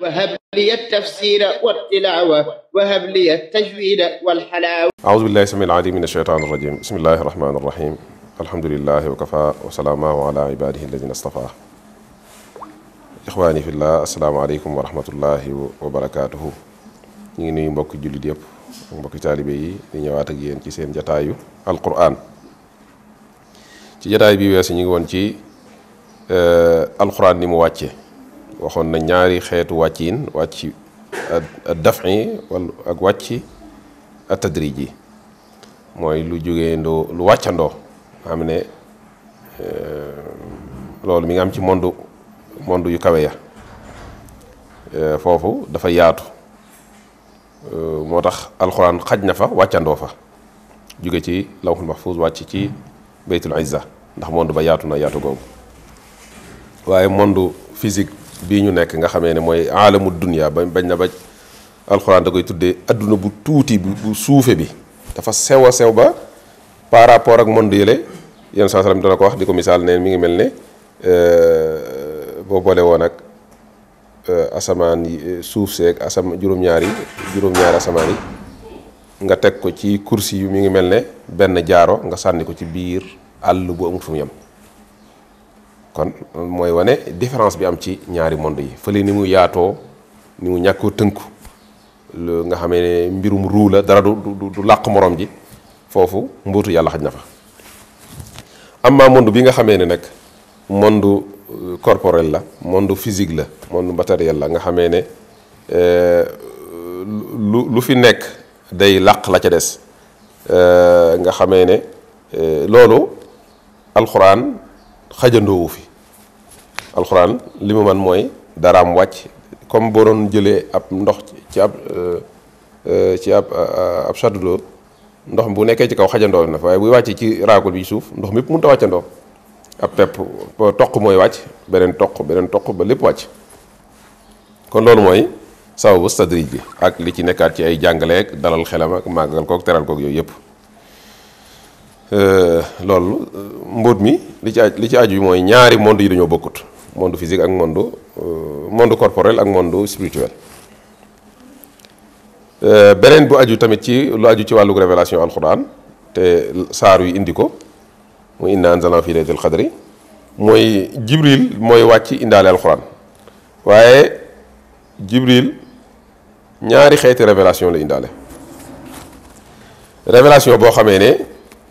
وهب لي التفسير والتلاوة وهب لي التجويد والحلاوة أعوذ بالله سميع العليم من الشيطان الرجيم بسم الله الرحمن الرحيم الحمد لله وكفى وسلامه على عباده الذين اصطفاه إخواني في الله السلام عليكم ورحمة الله وبركاته نيني مبكي nuyu mbokki مبكي تالبي نيني mbokki taalibe yi di ñëwaat ak yéen ci seen jataayu alquran ci jataay bi weesu ñu ngi woon ci alquran ni mu wàcce waxoon na ñaari xeetu wàcciin wàcc dafi wala ak wàcc atadrij yi mooy lu jógee ndoo lu wàccandoo xam ne loolu mi nga am ci monde monde yu kawe ya foofu dafa yaatu moo tax alxuraan xaj na fa wàccandoo fa jóge ci lawxul mahfuz wàcc ci baytul izza ndax monde ba yaatu na yaatu googu waaye monde physique bii ñu nekk nga xamee ne mooy aalamu dunia ba bañ na ba alxuraan da koy tuddee adduna bu tuuti bu suufe bi dafa sew a sew ba par rapport ak monde yële yenn saa salaam dana ko wax di ko misaal ne mi ngi mel ne euh, boo boole woon ak euh, asamaan yi euh, suuf seeg asam juróom-ñaar juróom-ñaari asamaan yi nga teg ko ci kursi yu mi ngi mel ne benn jaaro nga sànni ko ci biir àll bu amut fu mu yem kon mooy wane différence bi am ci ñaari monde yi fële ni mu yaatoo ni mu ñàkkoo tënku lu nga xamee ne mbirum ruu la dara du du du làq morom ji foofu mbuutu yàlla xaj na fa amma monde bi nga xamee ne nag monde euh, corporel la monde physique la monde matériel la nga xamee ne euh, lu lu fi nekk day làq la ca des euh, nga xamee ne loolu alxuraan xajandoowu fi alxuraan li mu man mooy dara daraam wàcc comme boo doon jëlee ab ndox ci ab ci ab euh, euh, euh, ab château ndox bu nekkee ci kaw xajandoo na fa waaye buy wàccee ci raakul bi suuf ndox mépp mënut a wàccandoo ab pepp toq mooy wàcc beneen toq beneen toq ba lépp wàcc kon loolu mooy sababu stadrij bi ak li ci nekkaat ci ay jàngaleek dalal xelam ak màggal kook teral kook yooyu yëpp Euh, loolu mbóot mi li ci li ci aju bi mooy ñaari monde yi dañoo bokkut monde physique ak monde euh, monde corporel ak monde spirituel euh, beneen bu aju tamit ci lu aju ci wàllug révélation alquran te saar yu indi ko mu inna anzalna fi laylatil qadri mooy jibril mooy wàcc indaale alquran waaye jibril ñaari xeeti révélation la indaale révélation boo xamee ne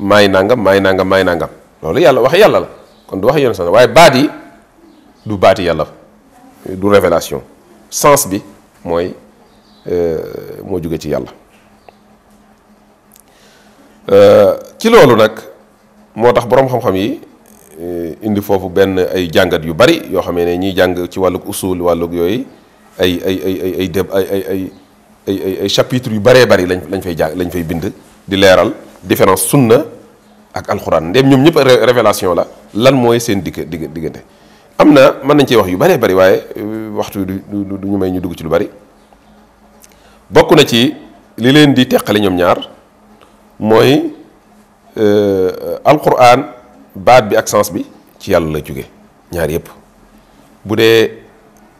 maay nangam maay nangam maay nangam loolu yàlla wax yàlla la kon du wax yoon sax waaye baat yi du baati yàlla du révélation sens bi mooy moo jóge ci yàlla ci loolu nag moo tax boroom xam-xam yi indi foofu benn ay jàngat yu bari yoo xamee ne ñiy jàng ci wàllug usul wàllug yooyu ay ay ay ay ay ay ay ay ay chapitre yu baree bari lañ lañ fay jàng lañ fay bind di leeral différence sunna ak alxuraan ndéem ñoom ñëpp révélation la lan mooy seen digg digg diggante am na mën nañ cee wax yu bëree bari waaye euh, waxtu du du ñu may ñu dugg ci lu bari bokk na ci li leen di teqale ñoom ñaar mooy euh, alxuraan baat bi ak sens bi ci yàlla la jóge ñaar yëpp bu dee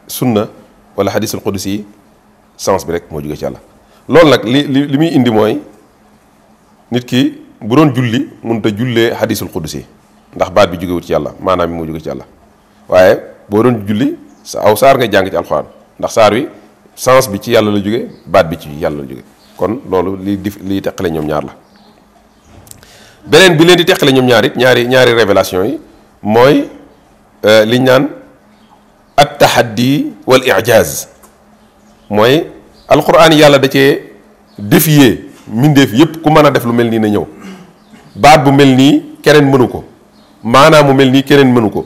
sunna wala xadiisul qudsi yi sens bi rek moo jóge ci yàlla loolu nag li li li muy indi mooy nit ki bu doon julli mënut a jullee hadisul si ndax baat bi jógewut ci yàlla maanaam bi moo jóge ci yàlla waaye boo doon julli sa aw saar nga jàng ci alxuraan ndax saar bi sens bi ci yàlla la jóge baat bi ci yàlla la jóge kon loolu li dif liy teqale ñoom ñaar la beneen bi leen di teqale ñoom ñaar it ñaari ñaari révélation yi mooy euh, liñ naan at tahaddi wal ijaaz mooy alxuraan yàlla da cee mbindeef yépp ku mën a def lu mel nii na ñëw baat bu mel nii keneen mënu ko maanaam mu mel nii keneen mënu ko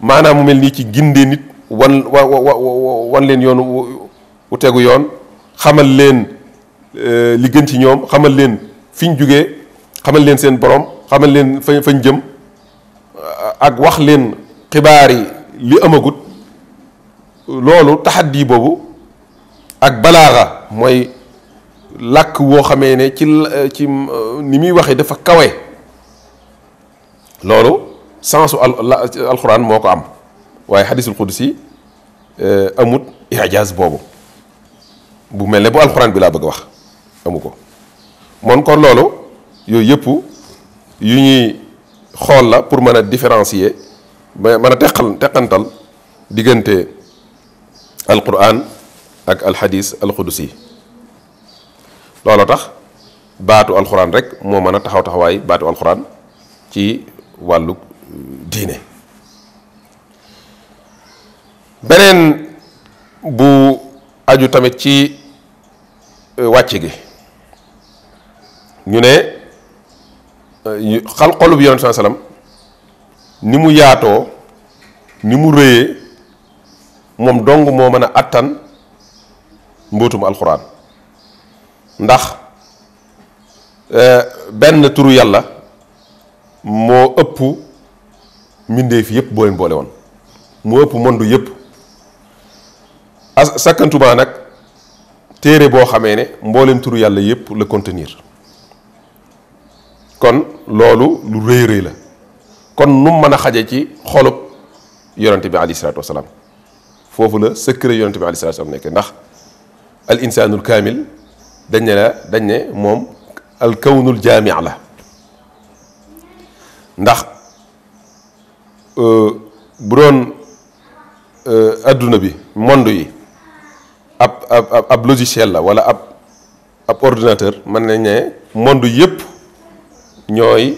maanaam mu mel nii ci gindee nit wan wa wan leen yoonu wu tegu yoon xamal leen euh, li gën ci ñoom xamal leen fi ñu jugee xamal leen seen borom xamal leen fa fañ jëm ak wax leen xibaar li amagut loolu taxaddi boobu ak balaaxa mooy lak wo xamee ne ci ci ni mi waxé dafa kawe lolu sansu alquran moko ko am waaye xadisul qudsi amut ihjaz bobu bu mel bu alquran bi la bëgg a wax amu ko moom kon loolu yooyu yëpp yu ñi xol la pour mëna différencier mëna tekkal tekantal digënté alquran ak alhadith alqudsi loola tax baatu alxuraan rek moo mën a taxaw taxawaay baatu alxuraan ci wàllu diine beneen bu aju tamit ci euh, wàcc gi ñu ne euh, xal xolub yonent saa salaam ni mu yaatoo ni mu rëyee moom dong moo mën a àttan mbóotum alxuraan ndax ben turu yàlla mo ëpp mbindeef yépp bo leen boole woon moo ëpp mondu yépp as sakkantuma nag téere boo ne mboolem turu yàlla yépp la contenir kon loolu lu rëy rëy la kon nu mën xaje ci xolub yonente bi alayhi salaatu wasalaam foofu la secret yonente bi alayhi salaatu wasalaam nekkee ndax al insaanul kaamil dañ ne la dañ ne moom alkawnul jaamic la ndax bu doon adduna bi monde yi ab ab ab logiciel la wala ab ab ordinateur mën nañ ne monde yëpp ñooy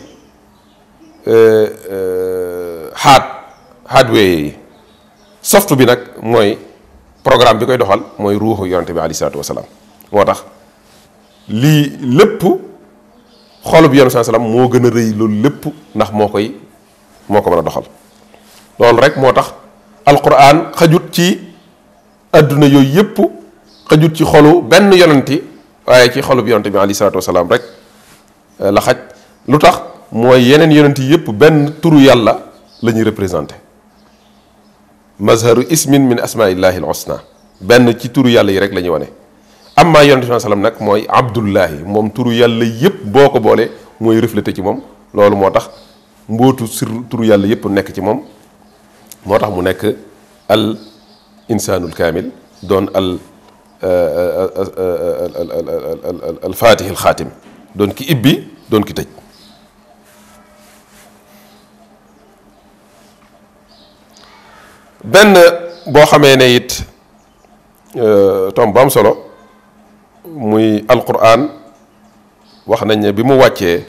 hard hardware yi soft bi nag mooy programme bi koy doxal mooy ruuxu yonente bi aleyhi salaatu wasalaam moo tax li lépp xolub yoonu saa mo gëna reey lool lépp ndax mo koy moko mëna doxal lool rek motax alquran xajut ci aduna yoy yep xajut ci xolu ben yonenti waye ci xolub yonenti bi ali salaatu wasalaam rek la xaj lutax moy yenen yonenti yep ben turu yàlla la representer mazharu ismin min asmaillahi al husna benn ci turu yàlla yi rek la wone أما يونس صلى الله عليه وسلم نك موي عبد الله موم تورو يالا ييب بوكو بولي موي ريفليتي تي موم لولو موتاخ مبوتو سر تورو يالا ييب نيك تي موم موتاخ مو نيك ال انسان الكامل دون ال الفاتح الخاتم دون كي ايبي دون كي تاج بن بو خامي نيت ا توم بام سولو muy alquran wax nañ ne bi mu wàccee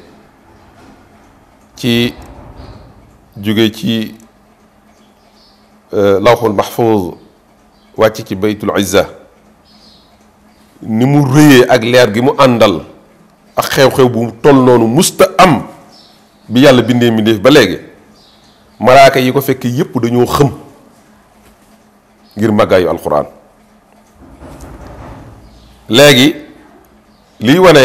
ci jóge ci euh, lawxul mahfuz wàcc ci baytul izza ni mu rëyee ak leer gi mu àndal ak xew-xew bu toll noonu musta am bi yàlla bindee mbindeef ba léegi malaaka yi ko fekk yépp dañoo xëm ngir màggaayu alquran léegi liy wane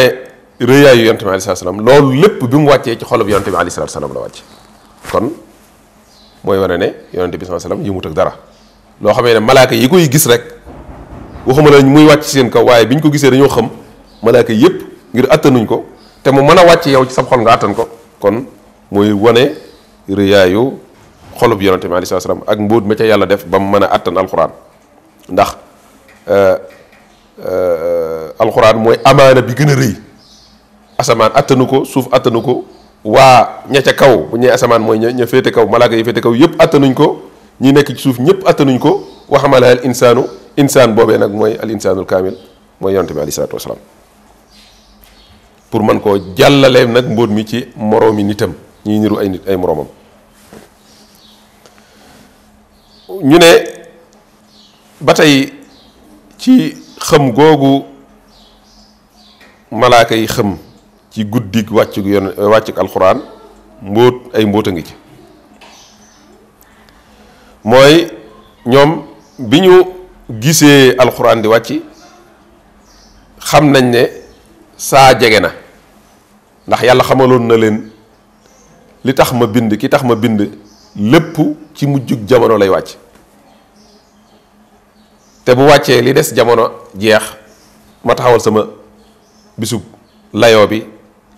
rëyaayu yonent bi aleyhi salaatu salaam loolu lépp bi mu wàccee ci xolub yonent bi aleyhi salaatu salaam la wàcc kon mooy wane ne yonent bi salaam yëmut ak dara loo xamee ne malaaka yi koy gis rek waxuma la muy wàcc seen kaw waaye bi ñu ko gisee dañoo xam malaaka yépp ngir attanuñ ko te mu mën a wàcc yow ci sab xol nga attan ko kon mooy wane rëyaayu xolub yonent bi aleyhi salaatu salaam ak mbóot ma ca yàlla def ba mu mën a attan alxuraan ndax Euh, alxuraan mooy amaana bi gën a rëy asamaan attanu ko suuf àttanu ko waa ña ca kaw bu ñee asamaan mooy ña ña féete kaw malaaka yi féete kaw yëpp attanuñ ko ñi nekk ci suuf ñëpp attanuñ ko waxamala al insaanu insaan boobee nag mooy al insaanul kaamil mooy yonante bi aleyhi salaatu wasalaam pour man koo jàllale nag mbóot mi ci moroomi nitam ñuy niru ay nit ay moroomam ñu ne ba tey ci xëm googu malaaka yi xëm ci guddig wàccug yon euh, wàccug alxuraan mbóot ay mbóot a ngi ci mooy ñoom bi ñu gisee alxuraan di wàcc xam nañ ne saa jege na ndax yàlla xamaloon na leen li tax ma bind ki tax ma bind lépp ci mujjug jamono lay wàcc te bu wàccee li des jamono jeex ma taxawal sama bisub layo bi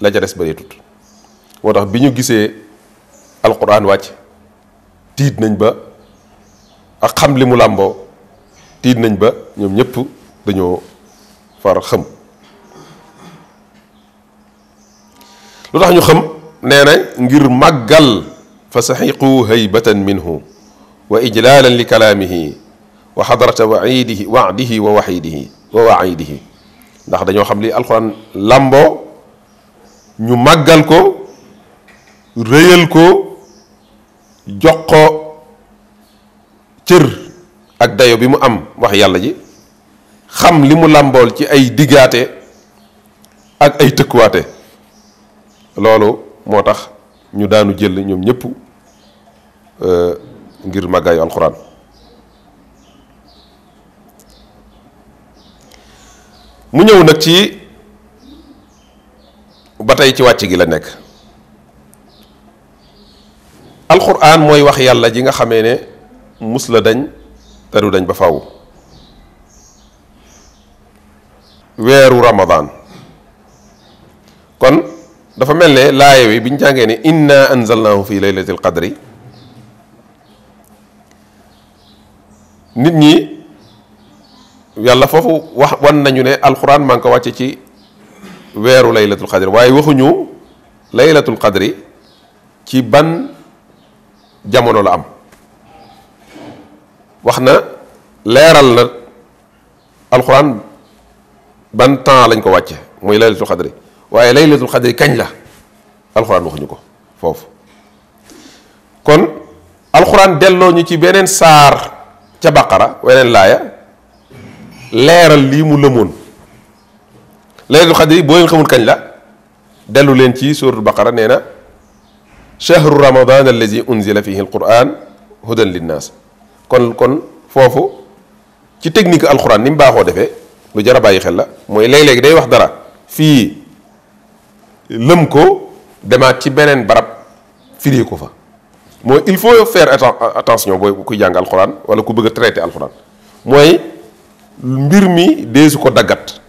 la ca des bëreetut moo tax bi ñu gisee alquran wàcc tiit nañ ba ak xam li mu làmboo tiit nañ ba ñoom ñëpp dañoo far xëm lu tax ñu xëm nee na ngir màggal fa saxiqu haybatan minhu wa ijlaalan li kalaamihi وحضرة وعيده وعده ووحيده ووعيده ndax dañoo xam li alquran lambo ñu màggal ko rëyal ko jox ko cër ak dayo bi mu am wax yàlla ji xam li mu làmbool ci ay diggaate ak ay tëkkuwaate loolu moo tax ñu daanu jël ñoom ñëpp ngir màggaayu alquran mu ñëw nag ci ba tey ci wàcc gi la nekk alxuraan mooy wax yàlla ji nga xamee ne mus la dañ te du dañ ba faw weeru ramadaan kon dafa mel ne laaya wi bi ñu jàngee ne inna anzalnaahu fi laylatil qadri nit ñi يلا فوفو واخ وان نانيو ني القران مانكو واتي تي ويرو ليله القدر واي واخو نيو ليله القدر تي بان جامونو لا ام واخنا ليرال نا القران بان تان لا نكو واتي موي ليله القدر واي ليله القدر كاج لا القران واخو نيو فوف كون القران دلو ني تي بنين سار تي بقره وينن لايه leeral lii mu lëmoon laylatul xadri boo leen xamul kañ la dellu leen ci suratul baqara nee na chahru ramadan allazi unzila fihi alquran hudan linnaas kon kon foofu ci technique alquran ni mu baaxoo defee lu jar a bàyyi xel la mooy léeg-léegi day wax dara fii lëm ko demaat ci beneen barab firi ko fa mooy il faut faire attention booy kuy jàng alquran wala ku bëgg a traité alquran mooy mbir mi deesu ko daggat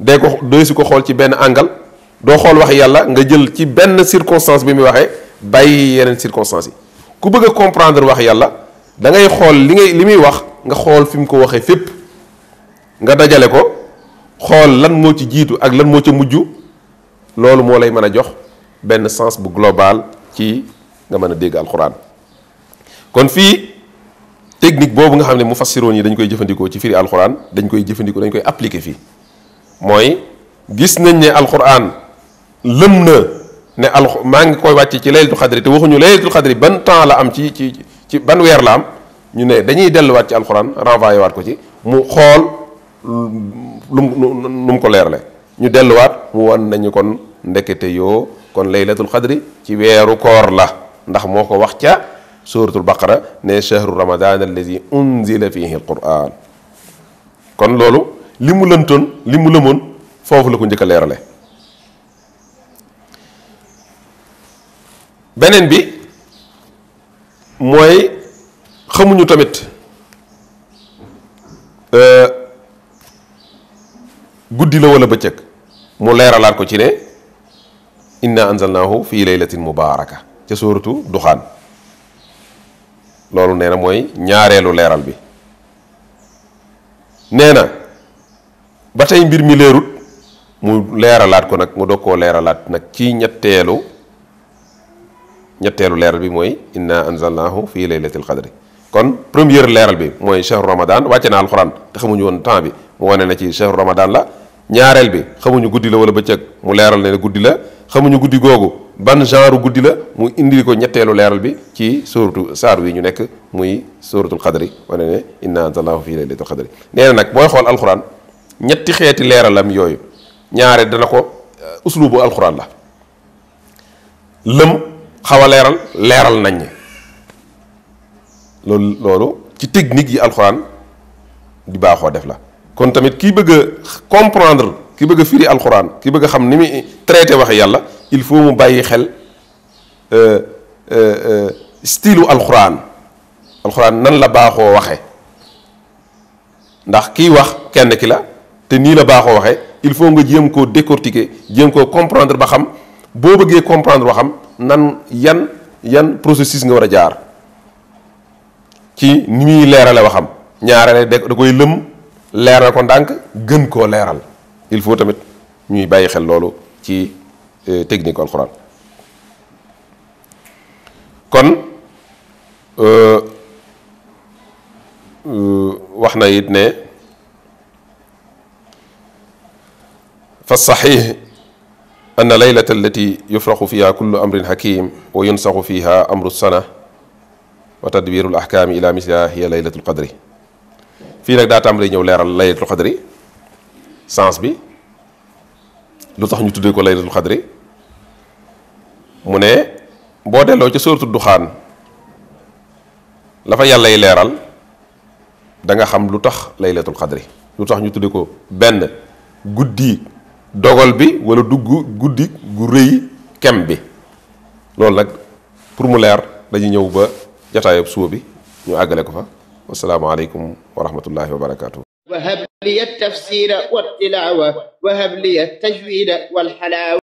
dee ko deesu ko xool ci benn angal doo xool wax yàlla nga jël ci benn circonstance bi muy waxee bàyyi yeneen circonstance yi ku bëgg comprendre wax yàlla da ngay xool li ngay li muy wax nga xool fi mu ko waxee fépp nga dajale ko xool lan moo ci jiitu ak lan moo ci mujj loolu moo lay mën a jox benn sens bu global ci nga mën a dégg alxuraan kon fii technique bobu nga xamné ne mufassiroon yi dañ koy jëfëndiko ci firi alquran dañ koy jëfëndiko dañ koy appliquer fi moy gis nañ ne alquran lëm na ne al ma ngi koy wacc ci laylatul qadr te waxu ñu laylatul qadr ban temps la am ci ci ci ban wër la am ñu ne dañuy delluwaat ci alquran renvoyé wat ko ci mu xol lu mu ko leerle ñu wat mu won nañ kon ndekete yo kon laylatul qadr ci wëru koor la ndax moko wax ca سورة البقرة نه شهر رمضان الذي أنزل فيه القرآن كون لولو ليمو لنتون ليمو لمون فوفو لا كون جيكا ليرالي بنين بي موي خمو نيو تاميت ا غودي لا ولا بتيك مو ليرالات كو تي ني إنا أنزلناه في ليلة مباركة تسورة دخان nee na mooy ñaareelu leeral bi nee na ba tey mbir mi leerut mu leeralaat ko nag mu dog koo leeralaat nag ci ñetteelu ñetteelu leeral bi mooy inna anzalnaahu fi laylatil qadri kon première leeral bi mooy chahru ramadan wàcce na alxuraan te xamuñu woon temps bi mu wane na ci chahru ramadan la ñaareel bi xamuñu guddi la wala bëccëg mu leeral ne guddi la xamuñu guddi googu ban genre guddi la mu indi ko ñetteelu leeral bi ci sóoratu saar wi ñu nekk muy sóoratul xadri wane ne inna anzalnaahu fii laylatul xadri nee na nag booy xool alxuraan ñetti xeeti leeralam yooyu ñaare dana ko euh, uslubu alxuraan la lëm xaw a leeral leeral nañ loolu loolu ci technique yi alxuraan di baaxoo def la kon tamit ki bëgg a comprendre ki bëgg a firi alxuraan ki bëgg xam ni mu traité waxe yàlla il faut mu bàyyi xel euh euh stylu alxuraan alxuraan nan la baxo waxe ndax ki wax kenn ki la te ni la baxo waxe il faut nga jëm ko décortiquer jëm ko comprendre ba xam bo beugé comprendre waxam nan yan yan processus nga wara jaar ci ni mi leralé waxam ñaarale da koy leum leeral ko dank gën ko leral il faut tamit ñuy bàyyi xel lolu ci technique alcorane kon euh euh waxna yit ne ان ليله التي يفرخ فيها كل امر حكيم وينسخ فيها امر السنه وتدبير الاحكام الى مثلها هي ليله القدر في نك دا تامري نيو ليرال ليله القدر سانس بي لو تخ تودي كو ليله القدر mu ne boo delloo ci sóoratu duxaan la fa yàlla yi leeral danga xam lu tax laylatul xadri lu tax ñu tudde ko benn guddi dogal bi wala dugg guddi gu rëy kem bi loolu nag pour mu leer dañu ñëw ba jataayab suba bi ñu àggale ko fa wasalaamu aleykum wa wa barakatuh wahab liya tafsira wa tilawa wahab liya tajwida wal xalaawa